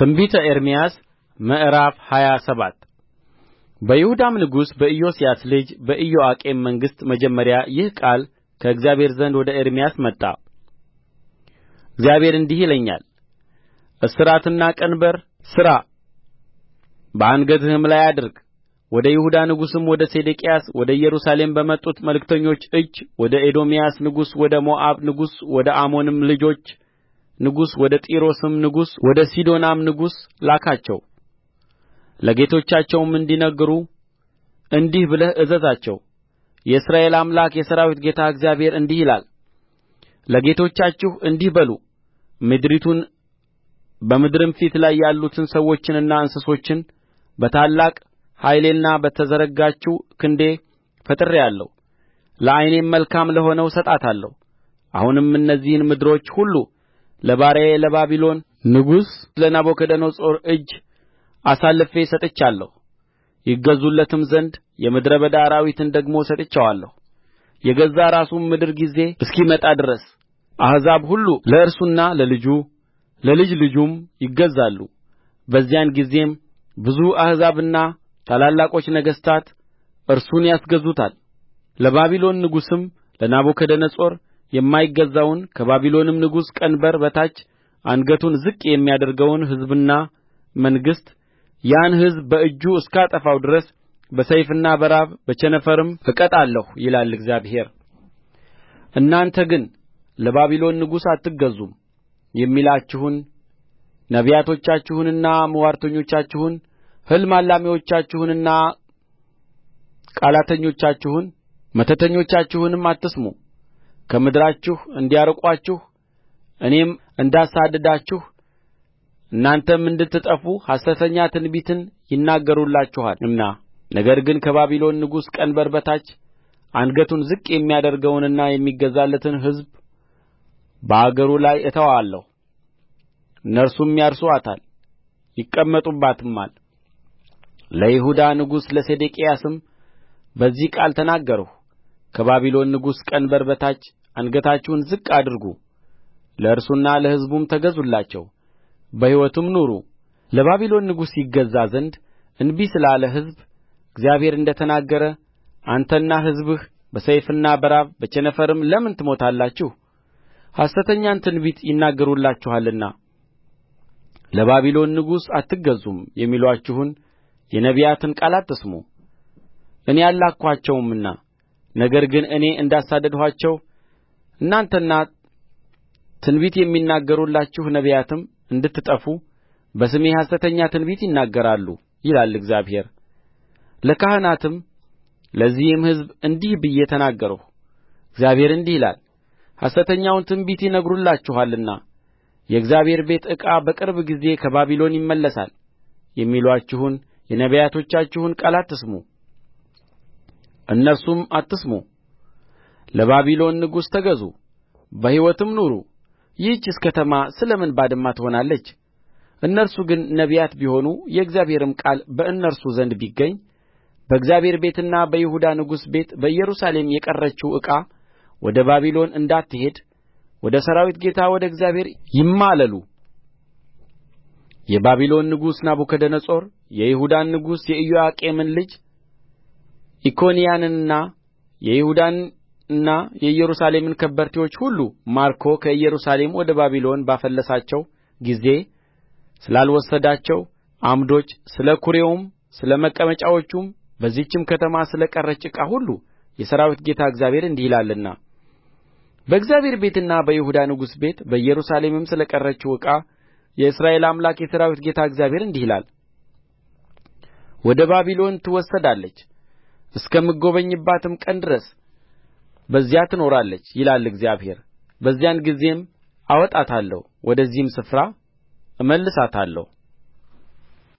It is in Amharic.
ትንቢተ ኤርምያስ ምዕራፍ ሃያ ሰባት በይሁዳም ንጉሥ በኢዮስያስ ልጅ በኢዮአቄም መንግሥት መጀመሪያ ይህ ቃል ከእግዚአብሔር ዘንድ ወደ ኤርምያስ መጣ እግዚአብሔር እንዲህ ይለኛል እስራትና ቀንበር ሥራ በአንገትህም ላይ አድርግ ወደ ይሁዳ ንጉሥም ወደ ሴዴቅያስ ወደ ኢየሩሳሌም በመጡት መልእክተኞች እጅ ወደ ኤዶምያስ ንጉሥ ወደ ሞዓብ ንጉሥ ወደ አሞንም ልጆች ንጉሥ ወደ ጢሮስም ንጉሥ ወደ ሲዶናም ንጉሥ ላካቸው ለጌቶቻቸውም እንዲነግሩ እንዲህ ብለህ እዘዛቸው የእስራኤል አምላክ የሠራዊት ጌታ እግዚአብሔር እንዲህ ይላል ለጌቶቻችሁ እንዲህ በሉ ምድሪቱን በምድርም ፊት ላይ ያሉትን ሰዎችንና እንስሶችን በታላቅ ኃይሌና በተዘረጋችው ክንዴ ፈጥሬአለሁ ለዓይኔም መልካም ለሆነው እሰጣታለሁ አሁንም እነዚህን ምድሮች ሁሉ ለባሪያዬ ለባቢሎን ንጉሥ ለናቡከደነፆር እጅ አሳልፌ ሰጥቻለሁ ይገዙለትም ዘንድ የምድረ በዳ አራዊትን ደግሞ ሰጥቼዋለሁ የገዛ ራሱም ምድር ጊዜ እስኪመጣ ድረስ አሕዛብ ሁሉ ለእርሱና ለልጁ ለልጅ ልጁም ይገዛሉ በዚያን ጊዜም ብዙ አሕዛብና ታላላቆች ነገሥታት እርሱን ያስገዙታል ለባቢሎን ንጉሥም ለናቡከደነፆር የማይገዛውን ከባቢሎንም ንጉሥ ቀንበር በታች አንገቱን ዝቅ የሚያደርገውን ሕዝብና መንግሥት ያን ሕዝብ በእጁ እስካጠፋው ድረስ በሰይፍና በራብ በቸነፈርም እቀጣለሁ ይላል እግዚአብሔር እናንተ ግን ለባቢሎን ንጉሥ አትገዙም የሚላችሁን ነቢያቶቻችሁንና ምዋርተኞቻችሁን ሕልም አላሚዎቻችሁንና ቃላተኞቻችሁን መተተኞቻችሁንም አትስሙ ከምድራችሁ እንዲያርቁአችሁ እኔም እንዳሳድዳችሁ እናንተም እንድትጠፉ ሐሰተኛ ትንቢትን ይናገሩላችኋልና ነገር ግን ከባቢሎን ንጉሥ ቀንበር በታች አንገቱን ዝቅ የሚያደርገውንና የሚገዛለትን ሕዝብ በአገሩ ላይ እተወዋለሁ እነርሱም ያርሱአታል ይቀመጡባትማል ለይሁዳ ንጉሥ ለሴዴቅያስም በዚህ ቃል ተናገርሁ ከባቢሎን ንጉሥ ቀንበር በታች አንገታችሁን ዝቅ አድርጉ ለእርሱና ለሕዝቡም ተገዙላቸው በሕይወቱም ኑሩ ለባቢሎን ንጉሥ ይገዛ ዘንድ እንቢ ስላለ ሕዝብ እግዚአብሔር እንደ ተናገረ አንተና ሕዝብህ በሰይፍና በራብ በቸነፈርም ለምን ትሞታላችሁ ሐሰተኛን ትንቢት ይናገሩላችኋልና ለባቢሎን ንጉሥ አትገዙም የሚሉአችሁን የነቢያትን ቃል አትስሙ እኔ አልላክኋቸውምና ነገር ግን እኔ እንዳሳደድኋቸው እናንተና ትንቢት የሚናገሩላችሁ ነቢያትም እንድትጠፉ በስሜ ሐሰተኛ ትንቢት ይናገራሉ ይላል እግዚአብሔር ለካህናትም ለዚህም ሕዝብ እንዲህ ብዬ ተናገርሁ እግዚአብሔር እንዲህ ይላል ሐሰተኛውን ትንቢት ይነግሩላችኋልና የእግዚአብሔር ቤት ዕቃ በቅርብ ጊዜ ከባቢሎን ይመለሳል የሚሉአችሁን የነቢያቶቻችሁን ቃል አትስሙ እነርሱም አትስሙ ለባቢሎን ንጉሥ ተገዙ በሕይወትም ኑሩ ይህችስ ከተማ ስለ ምን ባድማ ትሆናለች እነርሱ ግን ነቢያት ቢሆኑ የእግዚአብሔርም ቃል በእነርሱ ዘንድ ቢገኝ በእግዚአብሔር ቤትና በይሁዳ ንጉሥ ቤት በኢየሩሳሌም የቀረችው ዕቃ ወደ ባቢሎን እንዳትሄድ ወደ ሠራዊት ጌታ ወደ እግዚአብሔር ይማለሉ የባቢሎን ንጉሥ ናቡከደነፆር የይሁዳን ንጉሥ የኢዮአቄምን ልጅ ኢኮንያንንና የይሁዳን እና የኢየሩሳሌምን ከበርቴዎች ሁሉ ማርኮ ከኢየሩሳሌም ወደ ባቢሎን ባፈለሳቸው ጊዜ ስላልወሰዳቸው ዓምዶች ስለ ኵሬውም ስለ መቀመጫዎቹም በዚህችም ከተማ ስለ ቀረች ዕቃ ሁሉ የሠራዊት ጌታ እግዚአብሔር እንዲህ ይላልና በእግዚአብሔር ቤትና በይሁዳ ንጉሥ ቤት በኢየሩሳሌምም ስለ ቀረችው ዕቃ የእስራኤል አምላክ የሠራዊት ጌታ እግዚአብሔር እንዲህ ይላል ወደ ባቢሎን ትወሰዳለች እስከምጐበኝባትም ቀን ድረስ በዚያ ትኖራለች ይላል እግዚአብሔር በዚያን ጊዜም አወጣታለሁ ወደዚህም ስፍራ እመልሳታለሁ